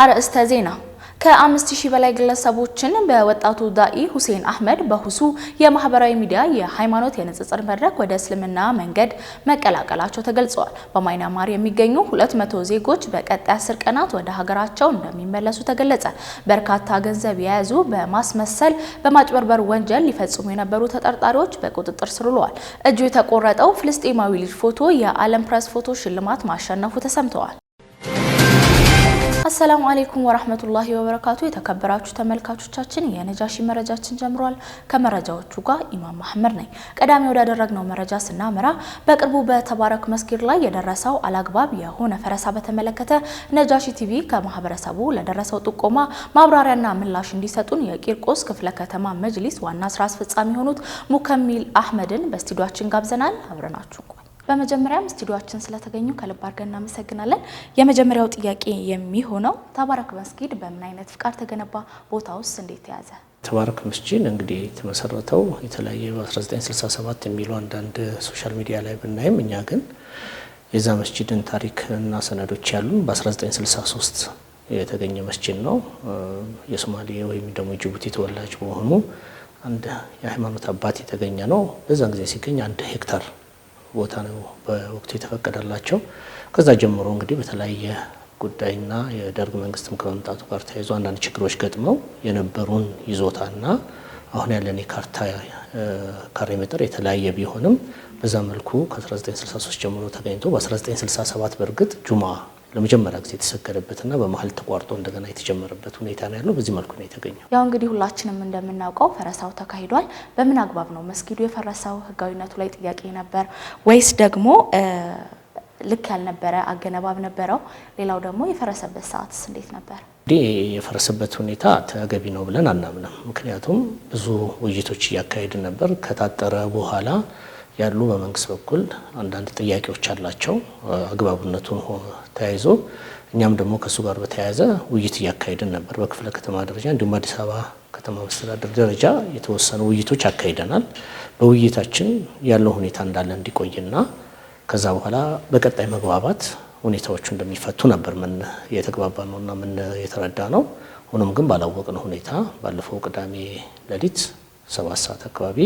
አርዕስተ ዜና ከአምስት ሺህ በላይ ግለሰቦችን በወጣቱ ዳኢ ሁሴን አህመድ በሁሱ የማህበራዊ ሚዲያ የሃይማኖት የንጽጽር መድረክ ወደ እስልምና መንገድ መቀላቀላቸው ተገልጸዋል። በማይናማር የሚገኙ 200 ዜጎች በቀጣይ 10 ቀናት ወደ ሀገራቸው እንደሚመለሱ ተገለጸ። በርካታ ገንዘብ የያዙ በማስመሰል በማጭበርበር ወንጀል ሊፈጽሙ የነበሩ ተጠርጣሪዎች በቁጥጥር ስር ውለዋል። እጁ የተቆረጠው ፍልስጤማዊ ልጅ ፎቶ የዓለም ፕሬስ ፎቶ ሽልማት ማሸነፉ ተሰምተዋል። አሰላሙ አሌይኩም ወራህመቱላሂ ወበረካቱ። የተከበራችሁ ተመልካቾቻችን የነጃሺ መረጃችን ጀምሯል። ከመረጃዎቹ ጋር ኢማም ማህመድ ነኝ። ቀዳሚ ወዳደረግነው መረጃ ስናመራ በቅርቡ በተባረክ መስጊድ ላይ የደረሰው አላግባብ የሆነ ፈረሳ በተመለከተ ነጃሺ ቲቪ ከማህበረሰቡ ለደረሰው ጥቆማ ማብራሪያና ምላሽ እንዲሰጡን የቂርቆስ ክፍለ ከተማ መጅሊስ ዋና ስራ አስፈጻሚ የሆኑት ሙከሚል አህመድን በስቱዲዮችን ጋብዘናል። አብረናችሁ በመጀመሪያም ስቱዲዮችን ስለተገኙ ከልብ አድርገን እናመሰግናለን። የመጀመሪያው ጥያቄ የሚሆነው ተባረክ መስጊድ በምን አይነት ፍቃድ ተገነባ? ቦታ ውስጥ እንዴት ተያዘ? ተባረክ መስጂድ እንግዲህ የተመሰረተው የተለያየ በ1967 የሚሉ አንዳንድ ሶሻል ሚዲያ ላይ ብናይም እኛ ግን የዛ መስጂድን ታሪክ እና ሰነዶች ያሉን በ1963 የተገኘ መስጂድ ነው። የሶማሌ ወይም ደግሞ የጅቡቲ ተወላጅ በሆኑ አንድ የሃይማኖት አባት የተገኘ ነው። በዛን ጊዜ ሲገኝ አንድ ሄክታር ቦታ ነው በወቅቱ የተፈቀደላቸው። ከዛ ጀምሮ እንግዲህ በተለያየ ጉዳይና የደርግ መንግስትም ከመምጣቱ ጋር ተያይዞ አንዳንድ ችግሮች ገጥመው የነበሩን ይዞታና አሁን ያለን የካርታ ካሬ ሜትር የተለያየ ቢሆንም በዛ መልኩ ከ1963 ጀምሮ ተገኝቶ በ1967 በእርግጥ ጁማ ለመጀመሪያ ጊዜ የተሰገደበትና በመሀል ተቋርጦ እንደገና የተጀመረበት ሁኔታ ነው ያለው። በዚህ መልኩ ነው የተገኘው። ያው እንግዲህ ሁላችንም እንደምናውቀው ፈረሳው ተካሂዷል። በምን አግባብ ነው መስጊዱ የፈረሰው? ህጋዊነቱ ላይ ጥያቄ ነበር ወይስ ደግሞ ልክ ያልነበረ አገነባብ ነበረው? ሌላው ደግሞ የፈረሰበት ሰዓትስ እንዴት ነበር? እንግዲህ የፈረሰበት ሁኔታ ተገቢ ነው ብለን አናምንም። ምክንያቱም ብዙ ውይይቶች እያካሄድ ነበር ከታጠረ በኋላ ያሉ በመንግስት በኩል አንዳንድ ጥያቄዎች አላቸው። አግባብነቱን ተያይዞ እኛም ደግሞ ከእሱ ጋር በተያያዘ ውይይት እያካሄድን ነበር። በክፍለ ከተማ ደረጃ እንዲሁም አዲስ አበባ ከተማ መስተዳደር ደረጃ የተወሰኑ ውይይቶች አካሂደናል። በውይይታችን ያለው ሁኔታ እንዳለ እንዲቆይና ከዛ በኋላ በቀጣይ መግባባት ሁኔታዎቹ እንደሚፈቱ ነበር ምን የተግባባ እና ምን የተረዳ ነው። ሆኖም ግን ባላወቅነው ሁኔታ ባለፈው ቅዳሜ ሌሊት ሰባት ሰዓት አካባቢ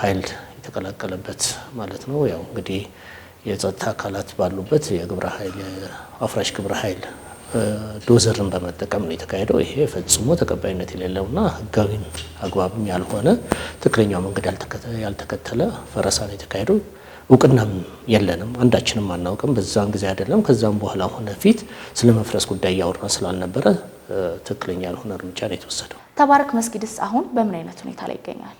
ኃይል የተቀላቀለበት ማለት ነው። ያው እንግዲህ የጸጥታ አካላት ባሉበት የግብረ ኃይል አፍራሽ ግብረ ኃይል ዶዘርን በመጠቀም ነው የተካሄደው። ይሄ ፈጽሞ ተቀባይነት የሌለውና ሕጋዊም አግባብም ያልሆነ ትክክለኛው መንገድ ያልተከተለ ፈረሳ ነው የተካሄደው። እውቅናም የለንም፣ አንዳችንም አናውቅም። በዛን ጊዜ አይደለም ከዛም በኋላ ሆነ ፊት ስለ መፍረስ ጉዳይ እያወራ ስላልነበረ ትክክለኛ ያልሆነ እርምጃ ነው የተወሰደው። ተባረክ መስጊድስ አሁን በምን አይነት ሁኔታ ላይ ይገኛል?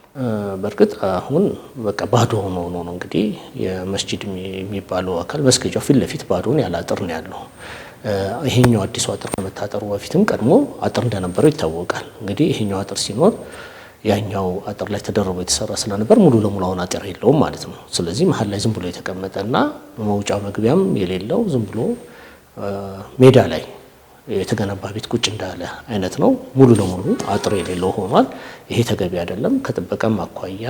በእርግጥ አሁን በቃ ባዶ ሆኖ ነው ነው እንግዲህ የመስጂድ የሚባለው አካል መስገጃው ፊት ለፊት ባዶን ያለ አጥር ነው ያለው። ይሄኛው አዲሱ አጥር ከመታጠሩ በፊትም ቀድሞ አጥር እንደነበረው ይታወቃል። እንግዲህ ይሄኛው አጥር ሲኖር ያኛው አጥር ላይ ተደርቦ የተሰራ ስለነበር ሙሉ ለሙሉ አሁን አጥር የለውም ማለት ነው። ስለዚህ መሀል ላይ ዝም ብሎ የተቀመጠና መውጫ መግቢያም የሌለው ዝም ብሎ ሜዳ ላይ የተገነባ ቤት ቁጭ እንዳለ አይነት ነው። ሙሉ ለሙሉ አጥር የሌለው ሆኗል። ይሄ ተገቢ አይደለም። ከጥበቃም አኳያ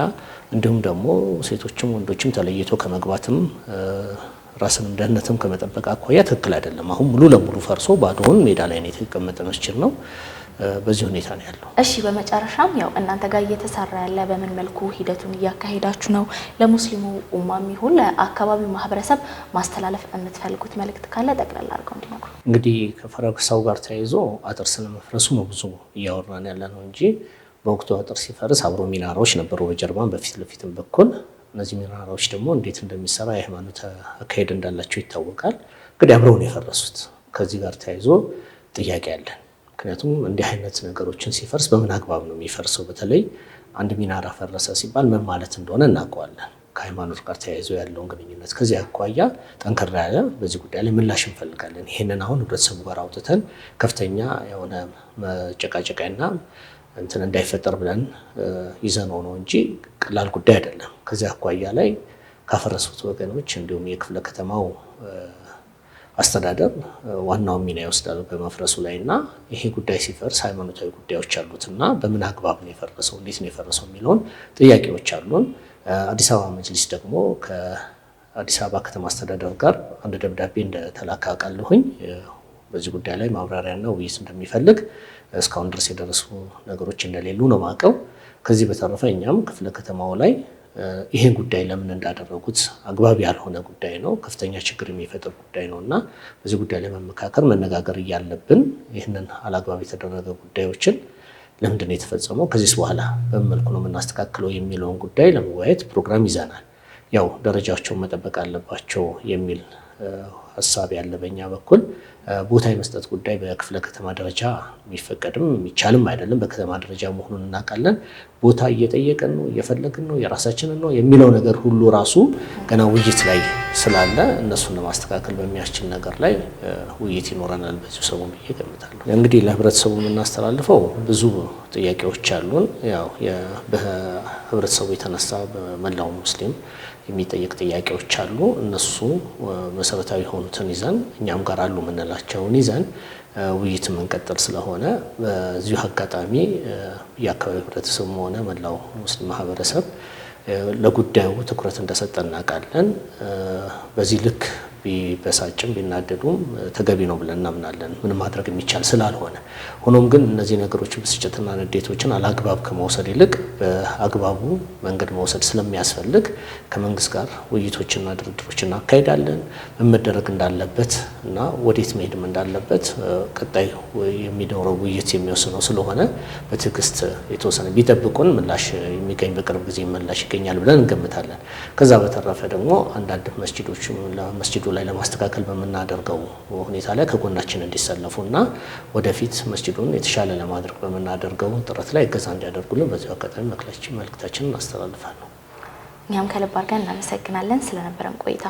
እንዲሁም ደግሞ ሴቶችም ወንዶችም ተለይቶ ከመግባትም ራስንም ደህንነትም ከመጠበቅ አኳያ ትክክል አይደለም። አሁን ሙሉ ለሙሉ ፈርሶ ባዶውን ሜዳ ላይ ነው የተቀመጠ መስችል ነው። በዚህ ሁኔታ ነው ያለው። እሺ፣ በመጨረሻም ያው እናንተ ጋር እየተሰራ ያለ በምን መልኩ ሂደቱን እያካሄዳችሁ ነው? ለሙስሊሙ ኡማም ይሁን ለአካባቢው ማህበረሰብ ማስተላለፍ የምትፈልጉት መልእክት ካለ ጠቅላላ አድርገው እንዲነግሩ። እንግዲህ ከፈረሳው ጋር ተያይዞ አጥር ስለመፍረሱ ነው ብዙ እያወራን ያለ ነው እንጂ በወቅቱ አጥር ሲፈርስ አብሮ ሚናራዎች ነበሩ፣ በጀርባን በፊት ለፊትም በኩል እነዚህ ሚናራዎች ደግሞ እንዴት እንደሚሰራ የሃይማኖት አካሄድ እንዳላቸው ይታወቃል። እንግዲህ አብረውን የፈረሱት ከዚህ ጋር ተያይዞ ጥያቄ አለን። ምክንያቱም እንዲህ አይነት ነገሮችን ሲፈርስ በምን አግባብ ነው የሚፈርሰው? በተለይ አንድ ሚናራ ፈረሰ ሲባል ምን ማለት እንደሆነ እናውቀዋለን። ከሃይማኖት ጋር ተያይዞ ያለውን ግንኙነት ከዚህ አኳያ ጠንከራ ያለ በዚህ ጉዳይ ላይ ምላሽ እንፈልጋለን። ይህንን አሁን ህብረተሰቡ ጋር አውጥተን ከፍተኛ የሆነ ና እንትን እንዳይፈጠር ብለን ይዘነው ነው እንጂ ቀላል ጉዳይ አይደለም። ከዚህ አኳያ ላይ ካፈረሱት ወገኖች እንዲሁም የክፍለ ከተማው አስተዳደር ዋናው ሚና ይወስዳል በመፍረሱ ላይ እና ይሄ ጉዳይ ሲፈርስ ሃይማኖታዊ ጉዳዮች አሉት እና በምን አግባብ ነው የፈረሰው፣ እንዴት ነው የፈረሰው የሚለውን ጥያቄዎች አሉን። አዲስ አበባ መጅሊስ ደግሞ ከአዲስ አበባ ከተማ አስተዳደር ጋር አንድ ደብዳቤ እንደተላከ አውቃለሁኝ። በዚህ ጉዳይ ላይ ማብራሪያና ውይይት እንደሚፈልግ እስካሁን ድረስ የደረሱ ነገሮች እንደሌሉ ነው ማቀው። ከዚህ በተረፈ እኛም ክፍለ ከተማው ላይ ይሄን ጉዳይ ለምን እንዳደረጉት አግባብ ያልሆነ ጉዳይ ነው፣ ከፍተኛ ችግር የሚፈጥር ጉዳይ ነው እና በዚህ ጉዳይ ላይ መመካከር መነጋገር እያለብን ይህንን አላግባብ የተደረገ ጉዳዮችን ለምንድን ነው የተፈጸመው፣ ከዚህ በኋላ በምን መልኩ ነው የምናስተካክለው የሚለውን ጉዳይ ለመወያየት ፕሮግራም ይዘናል። ያው ደረጃቸውን መጠበቅ አለባቸው የሚል ሀሳብ ያለ በእኛ በኩል ቦታ የመስጠት ጉዳይ በክፍለ ከተማ ደረጃ የሚፈቀድም የሚቻልም አይደለም። በከተማ ደረጃ መሆኑን እናውቃለን። ቦታ እየጠየቀን ነው፣ እየፈለግን ነው፣ የራሳችንን ነው የሚለው ነገር ሁሉ ራሱ ገና ውይይት ላይ ስላለ እነሱን ለማስተካከል በሚያስችል ነገር ላይ ውይይት ይኖረናል በዚሁ ሰሞን ብዬ እገምታለሁ። እንግዲህ ለህብረተሰቡ የምናስተላልፈው ብዙ ጥያቄዎች አሉን። ያው በህብረተሰቡ የተነሳ በመላው ሙስሊም የሚጠየቅ ጥያቄዎች አሉ እነሱ መሰረታዊ የሆኑትን ይዘን እኛም ጋር አሉ የምንላቸውን ይዘን ውይይት የምንቀጥል ስለሆነ በዚሁ አጋጣሚ የአካባቢ ህብረተሰቡም ሆነ መላው ሙስሊም ማህበረሰብ ለጉዳዩ ትኩረት እንደሰጠ እናውቃለን። በዚህ ልክ ቢበሳጭም ቢናደዱም ተገቢ ነው ብለን እናምናለን፣ ምንም ማድረግ የሚቻል ስላልሆነ። ሆኖም ግን እነዚህ ነገሮች ብስጭትና ንዴቶችን አላግባብ ከመውሰድ ይልቅ በአግባቡ መንገድ መውሰድ ስለሚያስፈልግ ከመንግስት ጋር ውይይቶችና ድርድሮች እናካሄዳለን። ምን መደረግ እንዳለበት እና ወዴት መሄድም እንዳለበት ቀጣይ የሚኖረው ውይይት የሚወስነው ስለሆነ በትዕግስት የተወሰነ ቢጠብቁን ምላሽ የሚገኝ በቅርብ ጊዜ ምላሽ ይገኛል ብለን እንገምታለን። ከዛ በተረፈ ደግሞ አንዳንድ መስጂዶች መስጂዱ ላይ ለማስተካከል በምናደርገው ሁኔታ ላይ ከጎናችን እንዲሰለፉ እና ወደፊት መስጂዱን የተሻለ ለማድረግ በምናደርገው ጥረት ላይ እገዛ እንዲያደርጉልን በዚሁ አጋጣሚ መልእክታችንን እናስተላልፋለን። እኛም ከልብ አድርገን እናመሰግናለን ስለነበረን ቆይታ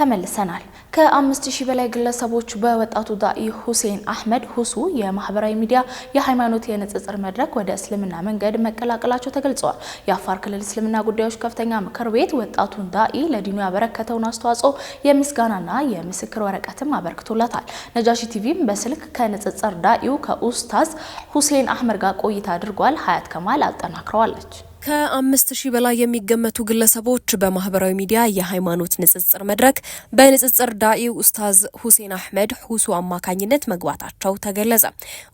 ተመልሰናል። ከአምስት ሺህ በላይ ግለሰቦች በወጣቱ ዳኢ ሁሴን አህመድ ሁሱ የማህበራዊ ሚዲያ የሃይማኖት የንጽጽር መድረክ ወደ እስልምና መንገድ መቀላቀላቸው ተገልጿል። የአፋር ክልል እስልምና ጉዳዮች ከፍተኛ ምክር ቤት ወጣቱን ዳኢ ለዲኑ ያበረከተውን አስተዋጽኦ የምስጋናና የምስክር ወረቀትም አበርክቶለታል። ነጃሺ ቲቪም በስልክ ከንጽጽር ዳኢው ከኡስታዝ ሁሴን አህመድ ጋር ቆይታ አድርጓል። ሀያት ከማል አጠናክረዋለች። ከአምስት ሺህ በላይ የሚገመቱ ግለሰቦች በማህበራዊ ሚዲያ የሃይማኖት ንጽጽር መድረክ በንጽጽር ዳኢ ኡስታዝ ሁሴን አህመድ ሁሱ አማካኝነት መግባታቸው ተገለጸ።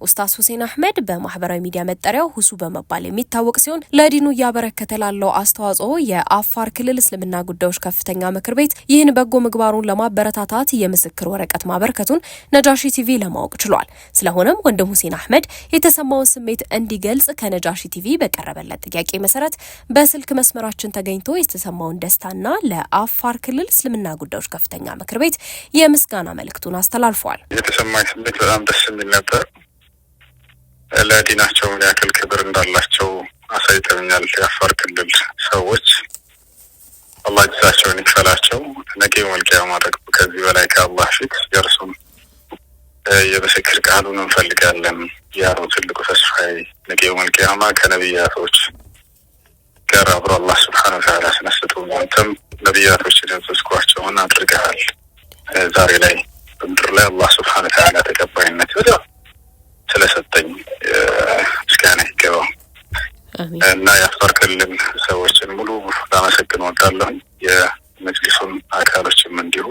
ኡስታዝ ሁሴን አህመድ በማህበራዊ ሚዲያ መጠሪያው ሁሱ በመባል የሚታወቅ ሲሆን ለዲኑ እያበረከተ ላለው አስተዋጽኦ የአፋር ክልል እስልምና ጉዳዮች ከፍተኛ ምክር ቤት ይህን በጎ ምግባሩን ለማበረታታት የምስክር ወረቀት ማበረከቱን ነጃሺ ቲቪ ለማወቅ ችሏል። ስለሆነም ወንድም ሁሴን አህመድ የተሰማውን ስሜት እንዲገልጽ ከነጃሺ ቲቪ በቀረበለት ጥያቄ መሰረት በስልክ መስመራችን ተገኝቶ የተሰማውን ደስታና ለአፋር ክልል እስልምና ጉዳዮች ከፍተኛ ምክር ቤት የምስጋና መልእክቱን አስተላልፏል። የተሰማኝ ስሜት በጣም ደስ የሚል ነበር። ለዲናቸው ምን ያክል ክብር እንዳላቸው አሳይተውኛል። የአፋር ክልል ሰዎች አላህ ጅዛቸውን ይክፈላቸው። ነገ መልቂያ ማድረግ ከዚህ በላይ ከአላህ ፊት የእርሱም የምስክር ቃሉን እንፈልጋለን። ያሩ ትልቁ ተስፋዬ ነገ መልቂያማ ከነቢያቶች ጋር አብሮ አላህ ስብሓን ታላ አስነስቶ አንተም ነቢያቶች ያዘዝኳቸውን አድርገሃል። ዛሬ ላይ በምድር ላይ አላህ ስብሓን ታላ ተቀባይነት ስለሰጠኝ ምስጋና ይገባው እና የአፋር ክልል ሰዎችን ሙሉ ላመሰግን ወዳለሁ። የመጅሊሱን አካሎችም እንዲሁ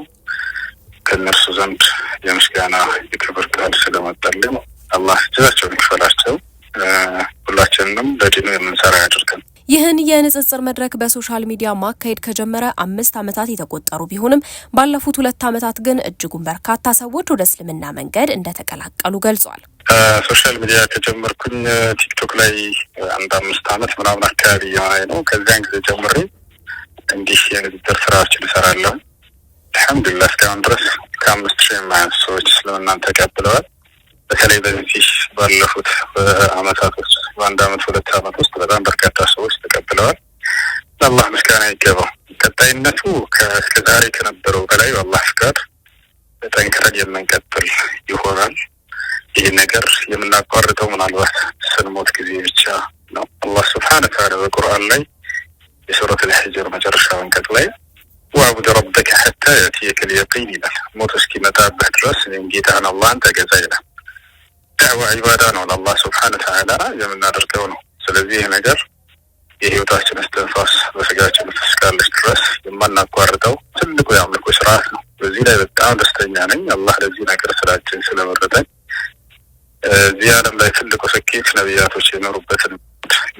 ከእነርሱ ዘንድ የምስጋና የክብር ቃል ስለመጣልን አላህ እጃቸውን ይክፈላቸው። ሁላችንንም ለዲኑ የምንሰራ ያድርገን። ይህን የንጽጽር መድረክ በሶሻል ሚዲያ ማካሄድ ከጀመረ አምስት ዓመታት የተቆጠሩ ቢሆንም ባለፉት ሁለት ዓመታት ግን እጅጉን በርካታ ሰዎች ወደ እስልምና መንገድ እንደተቀላቀሉ ገልጿል። ሶሻል ሚዲያ ከጀመርኩኝ ቲክቶክ ላይ አንድ አምስት ዓመት ምናምን አካባቢ የሆነ ነው። ከዚያን ጊዜ ጀምሬ እንዲህ የንጽጽር ስራዎችን እሰራለሁ። አልሐምዱላ እስካሁን ድረስ ከአምስት ሺህ የማያንስ ሰዎች እስልምናን ተቀብለዋል። በተለይ በዚህ ባለፉት በአመታት ውስጥ በአንድ አመት ሁለት አመት ውስጥ በጣም በርካታ ሰዎች ተቀብለዋል። ለአላህ ምስጋና ይገባው። ቀጣይነቱ እስከዛሬ ከነበረው በላይ በአላህ ፍቃድ ጠንክረን የምንቀጥል ይሆናል። ይህ ነገር የምናቋርጠው ምናልባት ስንሞት ጊዜ ብቻ ነው። አላህ ስብሓነ ተዓላ በቁርአን ላይ የሱረት ልሕጅር መጨረሻ አንቀጽ ላይ ወአቡድ ረበከ ሐታ የእትየከል የቂን ይላል። ሞት እስኪመጣበት ድረስ ወይም ጌታህን አላህን ተገዛ ይላል። ዳዕዋ ዒባዳ ነው፣ ለአላህ ስብሓን ተዓላ የምናደርገው ነው። ስለዚህ ይህ ነገር የህይወታችን እስትንፋስ በስጋችን እስካለች ድረስ የማናቋርጠው ትልቁ የአምልኮ ስርዓት ነው። በዚህ ላይ በጣም ደስተኛ ነኝ። አላህ ለዚህ ነገር ስራችን ስለመረጠኝ እዚህ ዓለም ላይ ትልቁ ስኬት ነቢያቶች የኖሩበትን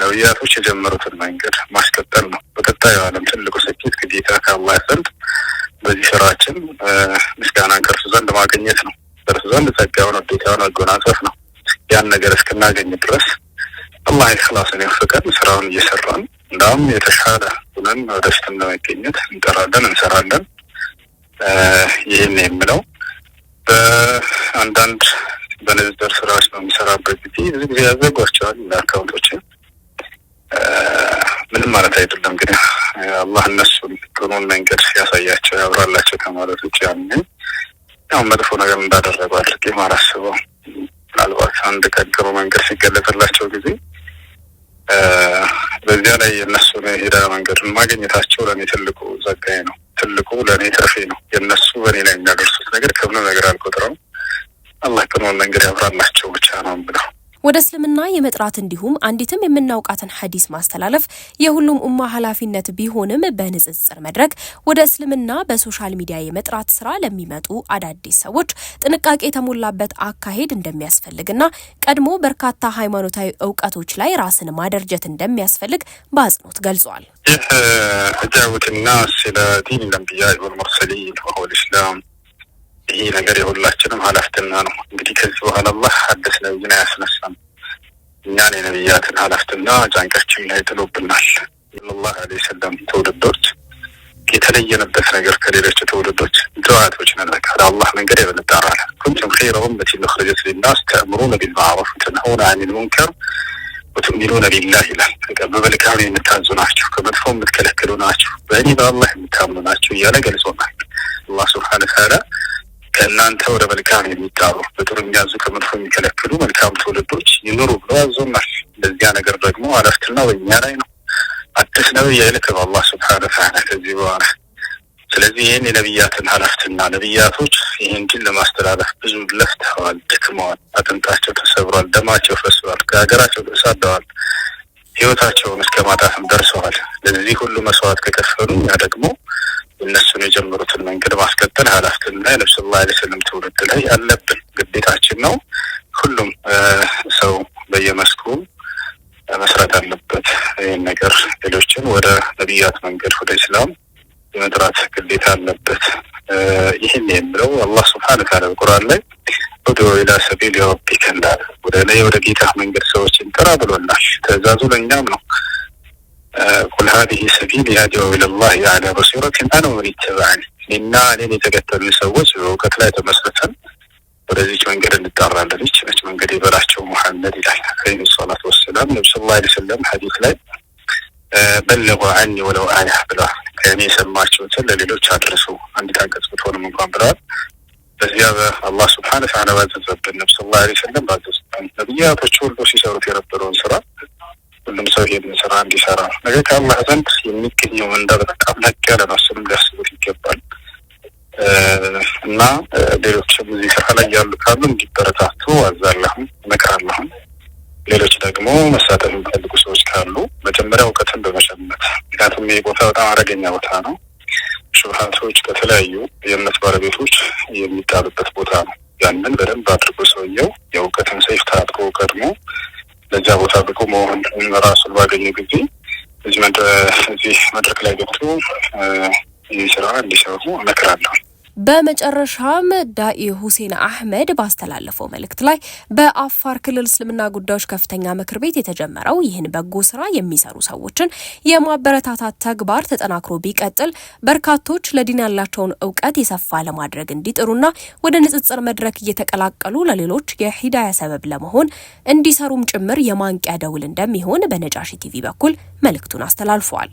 ነቢያቶች የጀመሩትን መንገድ ማስቀጠል ነው። በቀጣዩ ዓለም ትልቁ ስኬት ከጌታ ከአላህ ዘንድ በዚህ ስራችን ምስጋናን ከእርሱ ዘንድ ማግኘት ነው። ያደርስ ዘንድ ጸጋውን ውዴታውን መጎናጸፍ ነው። ያን ነገር እስክናገኝ ድረስ አላህ የክላስን ያፈቀን ስራውን እየሰራን እንዳውም የተሻለ ሁነን ወደፊትም ለመገኘት እንጠራለን፣ እንሰራለን። ይህን የምለው በአንዳንድ በንዝድር ስራዎች ነው የሚሰራበት ጊዜ ብዙ ጊዜ ያዘጓቸዋል አካውንቶችን ምንም ማለት አይደለም። ግን አላህ እነሱን ጥሩን መንገድ ያሳያቸው ያብራላቸው ከማለት ውጭ ያንን ያው መጥፎ ነገር እንዳደረጉ አድርጌ ማላስበው ምናልባት አንድ ቀድሮ መንገድ ሲገለጽላቸው ጊዜ በዚያ ላይ ነው የሄዳ መንገዱን ማግኘታቸው ለእኔ ትልቁ ዘጋኝ ነው። ትልቁ ለእኔ ትርፌ ነው። የእነሱ በእኔ ላይ የሚያደርሱት የመጥቀስና የመጥራት እንዲሁም አንዲትም የምናውቃትን ሐዲስ ማስተላለፍ የሁሉም ኡማ ኃላፊነት ቢሆንም በንጽጽር መድረክ ወደ እስልምና በሶሻል ሚዲያ የመጥራት ስራ ለሚመጡ አዳዲስ ሰዎች ጥንቃቄ የተሞላበት አካሄድ እንደሚያስፈልግና ቀድሞ በርካታ ሃይማኖታዊ እውቀቶች ላይ ራስን ማደርጀት እንደሚያስፈልግ በአጽንኦት ገልጿል። ይህ ዲን ወልሙርሰሊን ነገር የሁላችንም ኃላፊትና ነው። እንግዲህ ከዚህ በኋላ አላህ አዲስ ነብይን አያስነሳም። እኛን የነቢያትን ሀላፍትና ጫንቃችን ላይ ጥሎብናል። ሰለላሁ ዐለይሂ ወሰለም ትውልዶች የተለየንበት ነገር ከሌሎች ትውልዶች ድዋያቶች ነን። በቃ ለአላህ መንገድ የምንጣራለን። ኩንቱም ኸይረ ኡመቲን ኡኽሪጀት ሊናስ ተእምሩነ ቢልማዕሩፍ ወተንሀውነ ዐኒል ሙንከር ወቱእሚኑነ ቢላህ ይላል። በመልካም የምታዙ ናችሁ፣ ከመጥፎ የምትከለክሉ ናችሁ፣ በእኔ በአላህ የምታምኑ ናችሁ እያለ ገልጾናል አላህ ሱብሓነሁ ወተዓላ ከእናንተ ወደ መልካም የሚጣሩ በጥሩ የሚያዙ ከመጥፎ የሚከለክሉ መልካም ትውልዶች ይኑሩ ብሎ አዞናል። ለዚያ ነገር ደግሞ አረፍትና በእኛ ላይ ነው። አዲስ ነብይ አይልክም አላህ ስብሓነሁ ወተዓላ ከዚህ በኋላ። ስለዚህ ይህን የነብያትን ሀላፍትና ነብያቶች ይህን ግን ለማስተላለፍ ብዙ ለፍተዋል፣ ደክመዋል፣ አጥንታቸው ተሰብሯል፣ ደማቸው ፈስሷል፣ ከሀገራቸው ተሳደዋል፣ ህይወታቸውን እስከ ማጣትም ደርሰዋል። ለዚህ ሁሉ መስዋዕት ከከፈሉ ያ ደግሞ እነሱን የጀመሩትን መንገድ ማስቀጠል ኃላፊነትና የነብስ ላ ስልም ትውልድ ላይ ያለብን ግዴታችን ነው። ሁሉም ሰው በየመስኩ መስራት አለበት። ይህን ነገር ሌሎችን ወደ ነቢያት መንገድ ወደ ኢስላም የመጥራት ግዴታ አለበት። ይህን የምለው አላህ ስብሓነ ታላ በቁርአን ላይ ወደ ኢላ ሰቢል የወቢክ እንዳለ ወደ ላይ ወደ ጌታ መንገድ ሰዎችን ጥራ ብሎናል። ትእዛዙ ለእኛም ነው። ቁል ሀዚህ ሰቢል የአዲው ኢለላህ አላ በሲረትን አነ ወመን ይተበዐን እኔና እኔን የተከተሉ ሰዎች በእውቀት ላይ ተመስርተን ወደዚች መንገድ እንጠራለን። ይች ነች መንገድ የበላቸው ሙሐመድ ይላል ዐለይሂ ሰላቱ ወሰላም። ነቢ ስ ላ ስለም ሐዲስ ላይ በለጉ ዐኒ ወለው አያ ብለዋል። ከእኔ የሰማችሁትን ለሌሎች አድርሱ አንዲት አንቀጽ ብትሆንም እንኳን ብለዋል። በዚያ በአላህ ስብሓነ ተዓላ ባዘዘብን ነቢ ስ ላ ስለም ባዘዘብን ነቢያቶች ሁሉ ሲሰሩት የነበረውን ስራ ሁሉም ሰው ይሄንን ስራ እንዲሰራ ነው። ነገ ከአላህ ዘንድ የሚገኘው ምንዳ በጣም ለቅ ያለ ነው። እሱንም ሊያስቡት ይገባል እና ሌሎችም እዚህ ስራ ላይ ያሉ ካሉ እንዲበረታቱ አዛለሁም እመክራለሁም። ሌሎች ደግሞ መሳተፍ የሚፈልጉ ሰዎች ካሉ መጀመሪያ እውቀትን በመሸመት ምክንያቱም ይህ ቦታ በጣም አደገኛ ቦታ ነው። ሽብሃቶች በተለያዩ የእምነት ባለቤቶች የሚጣሉበት ቦታ ነው። ያንን በደንብ አድርጎ ሰውየው የእውቀትን ሰይፍ ታጥቆ ቀድሞ በዛ ቦታ ብቁ መሆን ራሱን ባገኘ ጊዜ እዚህ መድረክ ላይ ገብቶ ይህ ስራ እንዲሰሩ እመክራለሁ። በመጨረሻም ዳኢ ሁሴን አህመድ ባስተላለፈው መልእክት ላይ በአፋር ክልል እስልምና ጉዳዮች ከፍተኛ ምክር ቤት የተጀመረው ይህን በጎ ስራ የሚሰሩ ሰዎችን የማበረታታት ተግባር ተጠናክሮ ቢቀጥል በርካቶች ለዲን ያላቸውን እውቀት የሰፋ ለማድረግ እንዲጥሩና ወደ ንጽጽር መድረክ እየተቀላቀሉ ለሌሎች የሂዳያ ሰበብ ለመሆን እንዲሰሩም ጭምር የማንቂያ ደውል እንደሚሆን በነጫሽ ቲቪ በኩል መልእክቱን አስተላልፏል።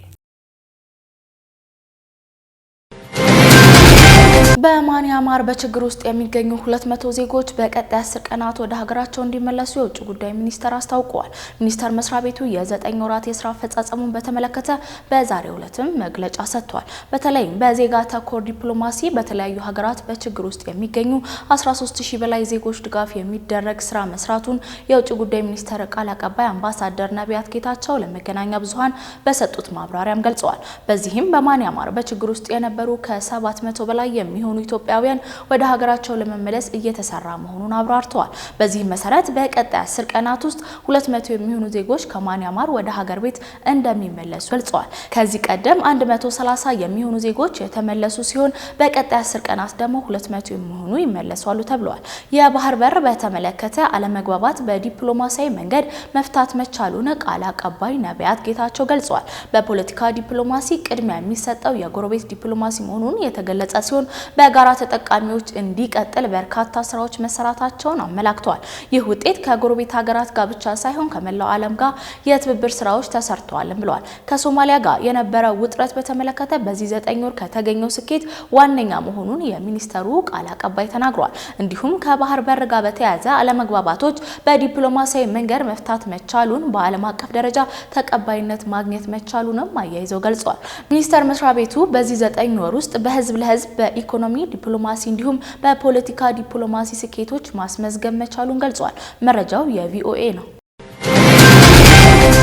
በማንያማር በችግር ውስጥ የሚገኙ 200 ዜጎች በቀጣይ አስር ቀናት ወደ ሀገራቸው እንዲመለሱ የውጭ ጉዳይ ሚኒስቴር አስታውቋል። ሚኒስቴር መስሪያ ቤቱ የዘጠኝ ወራት የስራ አፈጻጸሙን በተመለከተ በዛሬው ዕለትም መግለጫ ሰጥቷል። በተለይም በዜጋ ተኮር ዲፕሎማሲ በተለያዩ ሀገራት በችግር ውስጥ የሚገኙ 13 በላይ ዜጎች ድጋፍ የሚደረግ ስራ መስራቱን የውጭ ጉዳይ ሚኒስቴር ቃል አቀባይ አምባሳደር ነቢያት ጌታቸው ለመገናኛ ብዙሃን በሰጡት ማብራሪያም ገልጸዋል። በዚህም በማንያማር በችግር ውስጥ የነበሩ ከ700 በላይ የሚሆኑ የሚሆኑ ኢትዮጵያውያን ወደ ሀገራቸው ለመመለስ እየተሰራ መሆኑን አብራርተዋል። በዚህም መሰረት በቀጣይ አስር ቀናት ውስጥ ሁለት መቶ የሚሆኑ ዜጎች ከማንያማር ወደ ሀገር ቤት እንደሚመለሱ ገልጸዋል። ከዚህ ቀደም 130 የሚሆኑ ዜጎች የተመለሱ ሲሆን በቀጣይ አስር ቀናት ደግሞ 200 የሚሆኑ ይመለሳሉ ተብለዋል። የባህር በር በተመለከተ አለመግባባት በዲፕሎማሲያዊ መንገድ መፍታት መቻሉን ቃል አቀባይ ነቢያት ጌታቸው ገልጸዋል። በፖለቲካ ዲፕሎማሲ ቅድሚያ የሚሰጠው የጎረቤት ዲፕሎማሲ መሆኑን የተገለጸ ሲሆን በጋራ ተጠቃሚዎች እንዲቀጥል በርካታ ስራዎች መሰራታቸውን አመላክተዋል። ይህ ውጤት ከጎረቤት ሀገራት ጋር ብቻ ሳይሆን ከመላው ዓለም ጋር የትብብር ስራዎች ተሰርተዋልም ብለዋል። ከሶማሊያ ጋር የነበረው ውጥረት በተመለከተ በዚህ ዘጠኝ ወር ከተገኘው ስኬት ዋነኛ መሆኑን የሚኒስተሩ ቃል አቀባይ ተናግሯል። እንዲሁም ከባህር በር ጋር በተያያዘ አለመግባባቶች በዲፕሎማሲያዊ መንገድ መፍታት መቻሉን በዓለም አቀፍ ደረጃ ተቀባይነት ማግኘት መቻሉንም አያይዘው ገልጸዋል። ሚኒስተር መስሪያ ቤቱ በዚህ ዘጠኝ ወር ውስጥ በህዝብ ለህዝብ በኢኮኖሚ በኢኮኖሚ ዲፕሎማሲ እንዲሁም በፖለቲካ ዲፕሎማሲ ስኬቶች ማስመዝገብ መቻሉን ገልጿል። መረጃው የቪኦኤ ነው።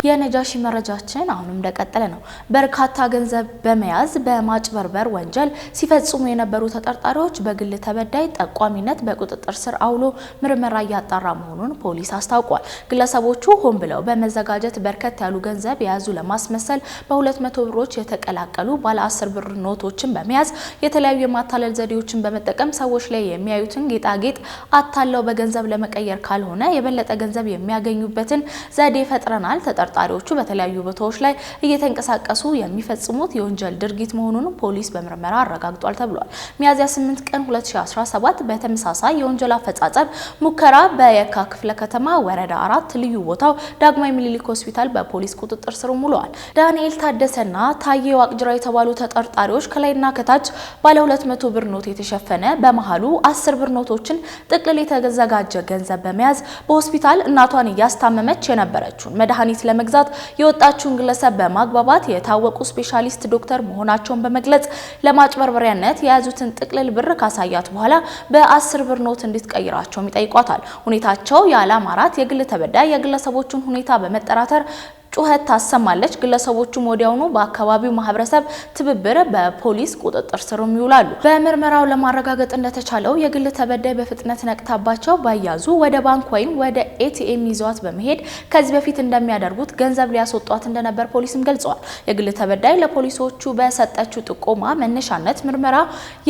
የነጃሺ መረጃችን አሁንም እንደቀጠለ ነው። በርካታ ገንዘብ በመያዝ በማጭበርበር ወንጀል ሲፈጽሙ የነበሩ ተጠርጣሪዎች በግል ተበዳይ ጠቋሚነት በቁጥጥር ስር አውሎ ምርመራ እያጣራ መሆኑን ፖሊስ አስታውቋል። ግለሰቦቹ ሆን ብለው በመዘጋጀት በርከት ያሉ ገንዘብ የያዙ ለማስመሰል በሁለት መቶ ብሮች የተቀላቀሉ ባለ አስር ብር ኖቶችን በመያዝ የተለያዩ የማታለል ዘዴዎችን በመጠቀም ሰዎች ላይ የሚያዩትን ጌጣጌጥ አታለው በገንዘብ ለመቀየር ካልሆነ የበለጠ ገንዘብ የሚያገኙበትን ዘዴ ፈጥረናል። ተጠርጣሪዎቹ በተለያዩ ቦታዎች ላይ እየተንቀሳቀሱ የሚፈጽሙት የወንጀል ድርጊት መሆኑንም ፖሊስ በምርመራ አረጋግጧል ተብሏል። ሚያዝያ 8 ቀን 2017 በተመሳሳይ የወንጀል አፈጻጸም ሙከራ በየካ ክፍለ ከተማ ወረዳ አራት ልዩ ቦታው ዳግማዊ ምኒልክ ሆስፒታል በፖሊስ ቁጥጥር ስር ውለዋል። ዳንኤል ታደሰና ታዬ ዋቅጅራ የተባሉ ተጠርጣሪዎች ከላይና ከታች ባለ 200 ብር ኖት የተሸፈነ በመሃሉ 10 ብር ኖቶችን ጥቅልል የተዘጋጀ ገንዘብ በመያዝ በሆስፒታል እናቷን እያስታመመች የነበረችውን መድኃኒት ለ ለመግዛት የወጣችውን ግለሰብ በማግባባት የታወቁ ስፔሻሊስት ዶክተር መሆናቸውን በመግለጽ ለማጭበርበሪያነት የያዙትን ጥቅልል ብር ካሳያት በኋላ በአስር ብር ኖት እንድትቀይራቸውም ይጠይቋታል። ሁኔታቸው የዓላማ አራት የግል ተበዳይ የግለሰቦችን ሁኔታ በመጠራተር ጩኸት ታሰማለች። ግለሰቦቹም ወዲያውኑ በአካባቢው ማህበረሰብ ትብብር በፖሊስ ቁጥጥር ስርም ይውላሉ። በምርመራው ለማረጋገጥ እንደተቻለው የግል ተበዳይ በፍጥነት ነቅታባቸው ባያዙ ወደ ባንክ ወይም ወደ ኤቲኤም ይዘዋት በመሄድ ከዚህ በፊት እንደሚያደርጉት ገንዘብ ሊያስወጧት እንደነበር ፖሊስም ገልጸዋል። የግል ተበዳይ ለፖሊሶቹ በሰጠችው ጥቆማ መነሻነት ምርመራ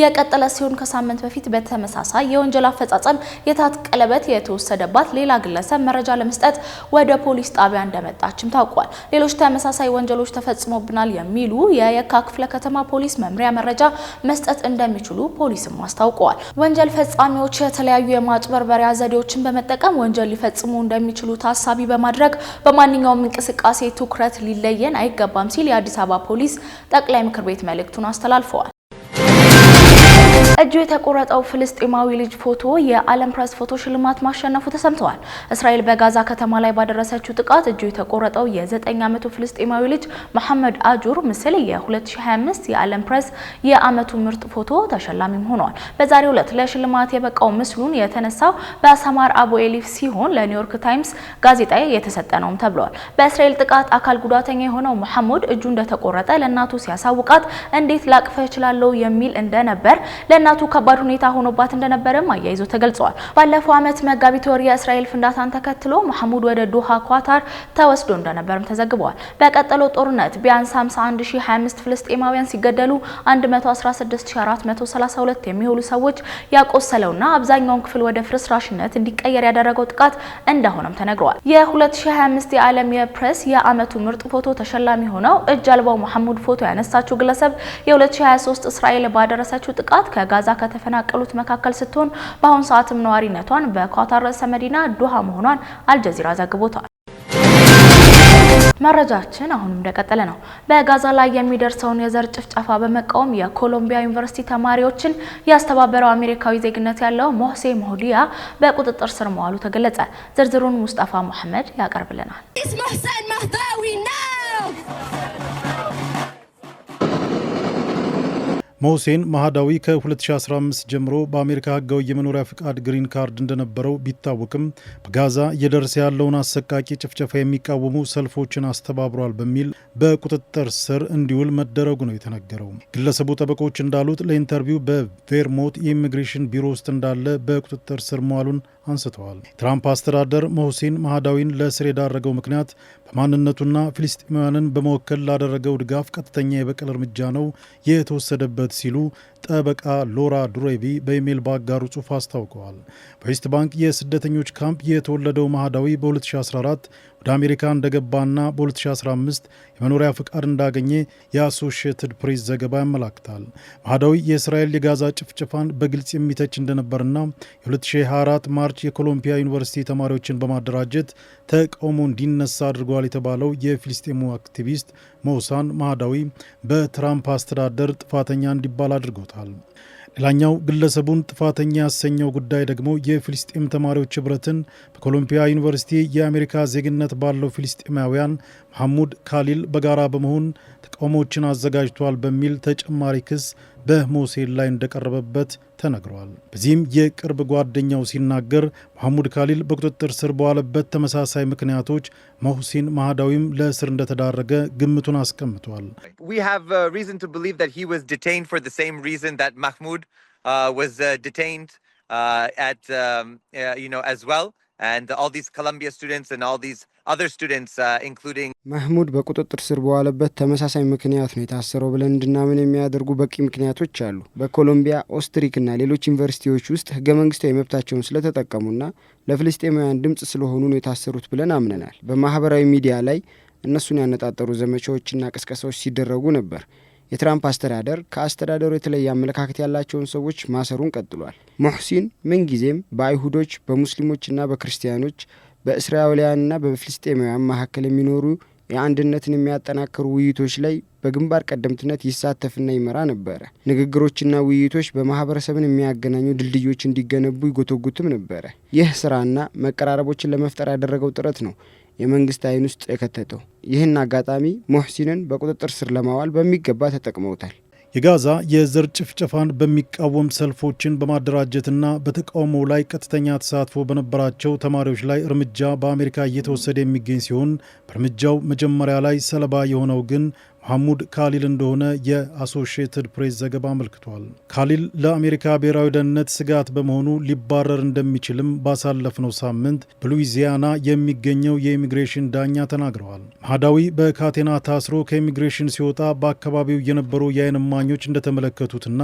የቀጠለ ሲሆን ከሳምንት በፊት በተመሳሳይ የወንጀል አፈጻጸም የታት ቀለበት የተወሰደባት ሌላ ግለሰብ መረጃ ለመስጠት ወደ ፖሊስ ጣቢያ እንደመጣችም ታውቋል። አስታውቋል። ሌሎች ተመሳሳይ ወንጀሎች ተፈጽሞብናል የሚሉ የየካ ክፍለ ከተማ ፖሊስ መምሪያ መረጃ መስጠት እንደሚችሉ ፖሊስም አስታውቀዋል። ወንጀል ፈጻሚዎች የተለያዩ የማጭበርበሪያ ዘዴዎችን በመጠቀም ወንጀል ሊፈጽሙ እንደሚችሉ ታሳቢ በማድረግ በማንኛውም እንቅስቃሴ ትኩረት ሊለየን አይገባም ሲል የአዲስ አበባ ፖሊስ ጠቅላይ ምክር ቤት መልእክቱን አስተላልፈዋል። እጁ የተቆረጠው ፍልስጤማዊ ልጅ ፎቶ የዓለም ፕሬስ ፎቶ ሽልማት ማሸነፉ ተሰምተዋል። እስራኤል በጋዛ ከተማ ላይ ባደረሰችው ጥቃት እጁ የተቆረጠው የ9 ዓመቱ ፍልስጤማዊ ልጅ መሐመድ አጁር ምስል የ2025 የዓለም ፕሬስ የዓመቱ ምርጥ ፎቶ ተሸላሚም ሆኗል። በዛሬው ዕለት ለሽልማት የበቃው ምስሉን የተነሳው በሰማር አቡ ኤሊፍ ሲሆን ለኒውዮርክ ታይምስ ጋዜጣ የተሰጠ ነውም ተብሏል። በእስራኤል ጥቃት አካል ጉዳተኛ የሆነው መሐሙድ እጁ እንደተቆረጠ ለእናቱ ሲያሳውቃት እንዴት ላቅፈ እችላለሁ የሚል እንደነበር ለእና ለእናቱ ከባድ ሁኔታ ሆኖባት እንደነበረም አያይዞ ተገልጸዋል። ባለፈው ዓመት መጋቢት ወር የእስራኤል ፍንዳታን ተከትሎ መሐሙድ ወደ ዶሃ ኳታር ተወስዶ እንደነበርም ተዘግበዋል። በቀጠለው ጦርነት ቢያንስ 51025 ፍልስጤማውያን ሲገደሉ 116432 የሚሆኑ ሰዎች ያቆሰለውና አብዛኛውን ክፍል ወደ ፍርስራሽነት እንዲቀየር ያደረገው ጥቃት እንደሆነም ተነግረዋል። የ2025 የዓለም የፕሬስ የዓመቱ ምርጥ ፎቶ ተሸላሚ ሆነው እጅ አልባው መሐሙድ ፎቶ ያነሳችው ግለሰብ የ2023 እስራኤል ባደረሰችው ጥቃት ከጋ ከጋዛ ከተፈናቀሉት መካከል ስትሆን በአሁኑ ሰዓትም ነዋሪነቷን በኳታር ርዕሰ መዲና ዱሃ መሆኗን አልጀዚራ ዘግቦታል። መረጃችን አሁንም እንደቀጠለ ነው። በጋዛ ላይ የሚደርሰውን የዘር ጭፍጨፋ በመቃወም የኮሎምቢያ ዩኒቨርሲቲ ተማሪዎችን ያስተባበረው አሜሪካዊ ዜግነት ያለው ሞህሴ ሞህዲያ በቁጥጥር ስር መዋሉ ተገለጸ። ዝርዝሩን ሙስጣፋ መሐመድ ያቀርብልናል። መሁሴን ማህዳዊ ከ2015 ጀምሮ በአሜሪካ ህጋዊ የመኖሪያ ፍቃድ ግሪን ካርድ እንደነበረው ቢታወቅም በጋዛ እየደረሰ ያለውን አሰቃቂ ጭፍጨፋ የሚቃወሙ ሰልፎችን አስተባብሯል በሚል በቁጥጥር ስር እንዲውል መደረጉ ነው የተነገረው። ግለሰቡ ጠበቆች እንዳሉት ለኢንተርቪው በቬርሞት የኢሚግሬሽን ቢሮ ውስጥ እንዳለ በቁጥጥር ስር መዋሉን አንስተዋል። ትራምፕ አስተዳደር መሁሴን ማህዳዊን ለእስር የዳረገው ምክንያት በማንነቱና ፊልስጢማውያንን በመወከል ላደረገው ድጋፍ ቀጥተኛ የበቀል እርምጃ ነው የተወሰደበት ሲሉ ጠበቃ ሎራ ዱሬቪ በኢሜይል ባጋሩ ጽሑፍ አስታውቀዋል። በዌስት ባንክ የስደተኞች ካምፕ የተወለደው ማህዳዊ በ2014 ወደ አሜሪካ እንደገባና በ2015 የመኖሪያ ፍቃድ እንዳገኘ የአሶሺየትድ ፕሬስ ዘገባ ያመላክታል። ማህዳዊ የእስራኤል የጋዛ ጭፍጭፋን በግልጽ የሚተች እንደነበርና የ2024 ማርች የኮሎምፒያ ዩኒቨርሲቲ ተማሪዎችን በማደራጀት ተቃውሞ እንዲነሳ አድርጓል የተባለው የፊልስጤሙ አክቲቪስት ሞሳን ማህዳዊ በትራምፕ አስተዳደር ጥፋተኛ እንዲባል አድርጎታል። ሌላኛው ግለሰቡን ጥፋተኛ ያሰኘው ጉዳይ ደግሞ የፊልስጤም ተማሪዎች ህብረትን በኮሎምፒያ ዩኒቨርሲቲ የአሜሪካ ዜግነት ባለው ፊልስጤማውያን መሐሙድ ካሊል በጋራ በመሆን ተቃውሞዎችን አዘጋጅቷል በሚል ተጨማሪ ክስ በሞሴል ላይ እንደቀረበበት ተነግረዋል። በዚህም የቅርብ ጓደኛው ሲናገር መሐሙድ ካሊል በቁጥጥር ስር በዋለበት ተመሳሳይ ምክንያቶች መሁሲን ማህዳዊም ለእስር እንደተዳረገ ግምቱን አስቀምጧል። ማህሙድ and all these Colombia students and all these other students uh, including መህሙድ በቁጥጥር ስር በዋለበት ተመሳሳይ ምክንያት ነው የታሰረው ብለን እንድናምን የሚያደርጉ በቂ ምክንያቶች አሉ። በኮሎምቢያ ኦስትሪክና ሌሎች ዩኒቨርሲቲዎች ውስጥ ህገ መንግስታዊ መብታቸውን ስለተጠቀሙና ለፍልስጤማውያን ድምፅ ስለሆኑ ነው የታሰሩት ብለን አምነናል። በማህበራዊ ሚዲያ ላይ እነሱን ያነጣጠሩ ዘመቻዎችና ቅስቀሳዎች ሲደረጉ ነበር። የትራምፕ አስተዳደር ከአስተዳደሩ የተለየ አመለካከት ያላቸውን ሰዎች ማሰሩን ቀጥሏል። ሙሕሲን ምንጊዜም በአይሁዶች በሙስሊሞችና በክርስቲያኖች በእስራኤላውያንና በፍልስጤማውያን መካከል የሚኖሩ የአንድነትን የሚያጠናክሩ ውይይቶች ላይ በግንባር ቀደምትነት ይሳተፍና ይመራ ነበረ። ንግግሮችና ውይይቶች በማህበረሰብን የሚያገናኙ ድልድዮች እንዲገነቡ ይጎተጉትም ነበረ። ይህ ስራና መቀራረቦችን ለመፍጠር ያደረገው ጥረት ነው የመንግስት አይን ውስጥ የከተተው። ይህን አጋጣሚ ሞሕሲንን በቁጥጥር ስር ለማዋል በሚገባ ተጠቅመውታል። የጋዛ የዘር ጭፍጨፋን በሚቃወም ሰልፎችን በማደራጀትና በተቃውሞ ላይ ቀጥተኛ ተሳትፎ በነበራቸው ተማሪዎች ላይ እርምጃ በአሜሪካ እየተወሰደ የሚገኝ ሲሆን በእርምጃው መጀመሪያ ላይ ሰለባ የሆነው ግን መሐሙድ ካሊል እንደሆነ የአሶሺየትድ ፕሬስ ዘገባ አመልክቷል። ካሊል ለአሜሪካ ብሔራዊ ደህንነት ስጋት በመሆኑ ሊባረር እንደሚችልም ባሳለፍነው ሳምንት በሉዊዚያና የሚገኘው የኢሚግሬሽን ዳኛ ተናግረዋል። ማህዳዊ በካቴና ታስሮ ከኢሚግሬሽን ሲወጣ በአካባቢው የነበሩ የአይን እማኞች እንደተመለከቱትና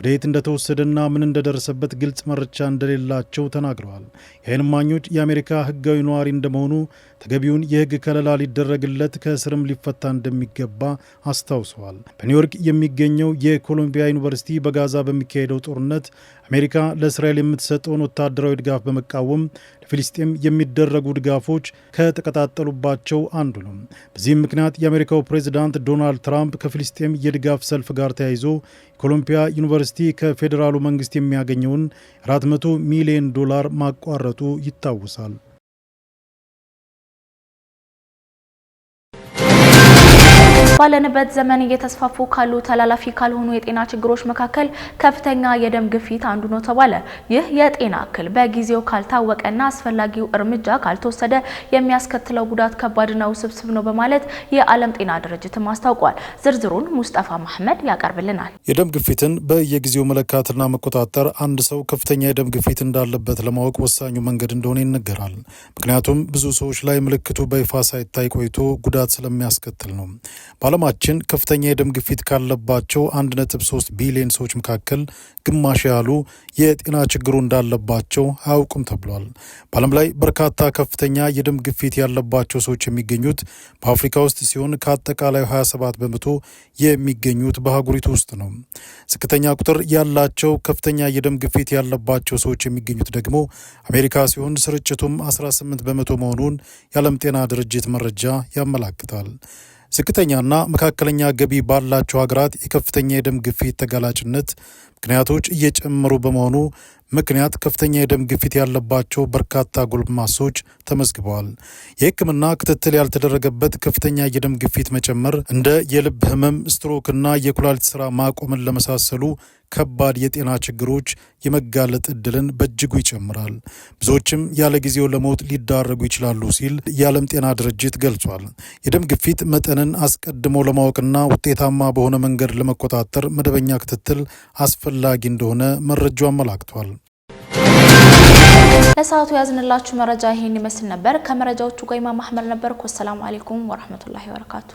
ወደ የት እንደተወሰደና ምን እንደደረሰበት ግልጽ መረጃ እንደሌላቸው ተናግረዋል። የአይን እማኞች የአሜሪካ ህጋዊ ነዋሪ እንደመሆኑ ተገቢውን የህግ ከለላ ሊደረግለት ከእስርም ሊፈታ እንደሚገባ አስታውሰዋል። በኒውዮርክ የሚገኘው የኮሎምቢያ ዩኒቨርሲቲ በጋዛ በሚካሄደው ጦርነት አሜሪካ ለእስራኤል የምትሰጠውን ወታደራዊ ድጋፍ በመቃወም ለፊልስጤም የሚደረጉ ድጋፎች ከተቀጣጠሉባቸው አንዱ ነው። በዚህም ምክንያት የአሜሪካው ፕሬዚዳንት ዶናልድ ትራምፕ ከፊልስጤም የድጋፍ ሰልፍ ጋር ተያይዞ የኮሎምቢያ ዩኒቨርሲቲ ከፌዴራሉ መንግስት የሚያገኘውን 400 ሚሊዮን ዶላር ማቋረጡ ይታወሳል። ባለንበት ዘመን እየተስፋፉ ካሉ ተላላፊ ካልሆኑ የጤና ችግሮች መካከል ከፍተኛ የደም ግፊት አንዱ ነው ተባለ። ይህ የጤና እክል በጊዜው ካልታወቀና አስፈላጊው እርምጃ ካልተወሰደ የሚያስከትለው ጉዳት ከባድና ውስብስብ ነው በማለት የዓለም ጤና ድርጅትም አስታውቋል። ዝርዝሩን ሙስጠፋ ማህመድ ያቀርብልናል። የደም ግፊትን በየጊዜው መለካትና መቆጣጠር አንድ ሰው ከፍተኛ የደም ግፊት እንዳለበት ለማወቅ ወሳኙ መንገድ እንደሆነ ይነገራል። ምክንያቱም ብዙ ሰዎች ላይ ምልክቱ በይፋ ሳይታይ ቆይቶ ጉዳት ስለሚያስከትል ነው። በዓለማችን ከፍተኛ የደም ግፊት ካለባቸው 1.3 ቢሊዮን ሰዎች መካከል ግማሽ ያሉ የጤና ችግሩ እንዳለባቸው አያውቁም ተብሏል። በዓለም ላይ በርካታ ከፍተኛ የደም ግፊት ያለባቸው ሰዎች የሚገኙት በአፍሪካ ውስጥ ሲሆን ከአጠቃላይ 27 በመቶ የሚገኙት በአህጉሪቱ ውስጥ ነው። ዝቅተኛ ቁጥር ያላቸው ከፍተኛ የደም ግፊት ያለባቸው ሰዎች የሚገኙት ደግሞ አሜሪካ ሲሆን ስርጭቱም 18 በመቶ መሆኑን የዓለም ጤና ድርጅት መረጃ ያመላክታል። ዝቅተኛና መካከለኛ ገቢ ባላቸው ሀገራት የከፍተኛ የደም ግፊት ተጋላጭነት ምክንያቶች እየጨመሩ በመሆኑ ምክንያት ከፍተኛ የደም ግፊት ያለባቸው በርካታ ጎልማሶች ተመዝግበዋል። የሕክምና ክትትል ያልተደረገበት ከፍተኛ የደም ግፊት መጨመር እንደ የልብ ህመም፣ ስትሮክና የኩላሊት ስራ ማቆምን ለመሳሰሉ ከባድ የጤና ችግሮች የመጋለጥ እድልን በእጅጉ ይጨምራል። ብዙዎችም ያለ ጊዜው ለሞት ሊዳረጉ ይችላሉ ሲል የዓለም ጤና ድርጅት ገልጿል። የደም ግፊት መጠንን አስቀድሞ ለማወቅና ውጤታማ በሆነ መንገድ ለመቆጣጠር መደበኛ ክትትል አስፈላጊ እንደሆነ መረጃው አመላክቷል። ለሰዓቱ ያዝንላችሁ መረጃ ይሄን ይመስል ነበር። ከመረጃዎቹ ጋር ኢማም አህመድ ነበርኩ። ሰላም አለይኩም ወራህመቱላሂ ወበረካቱ።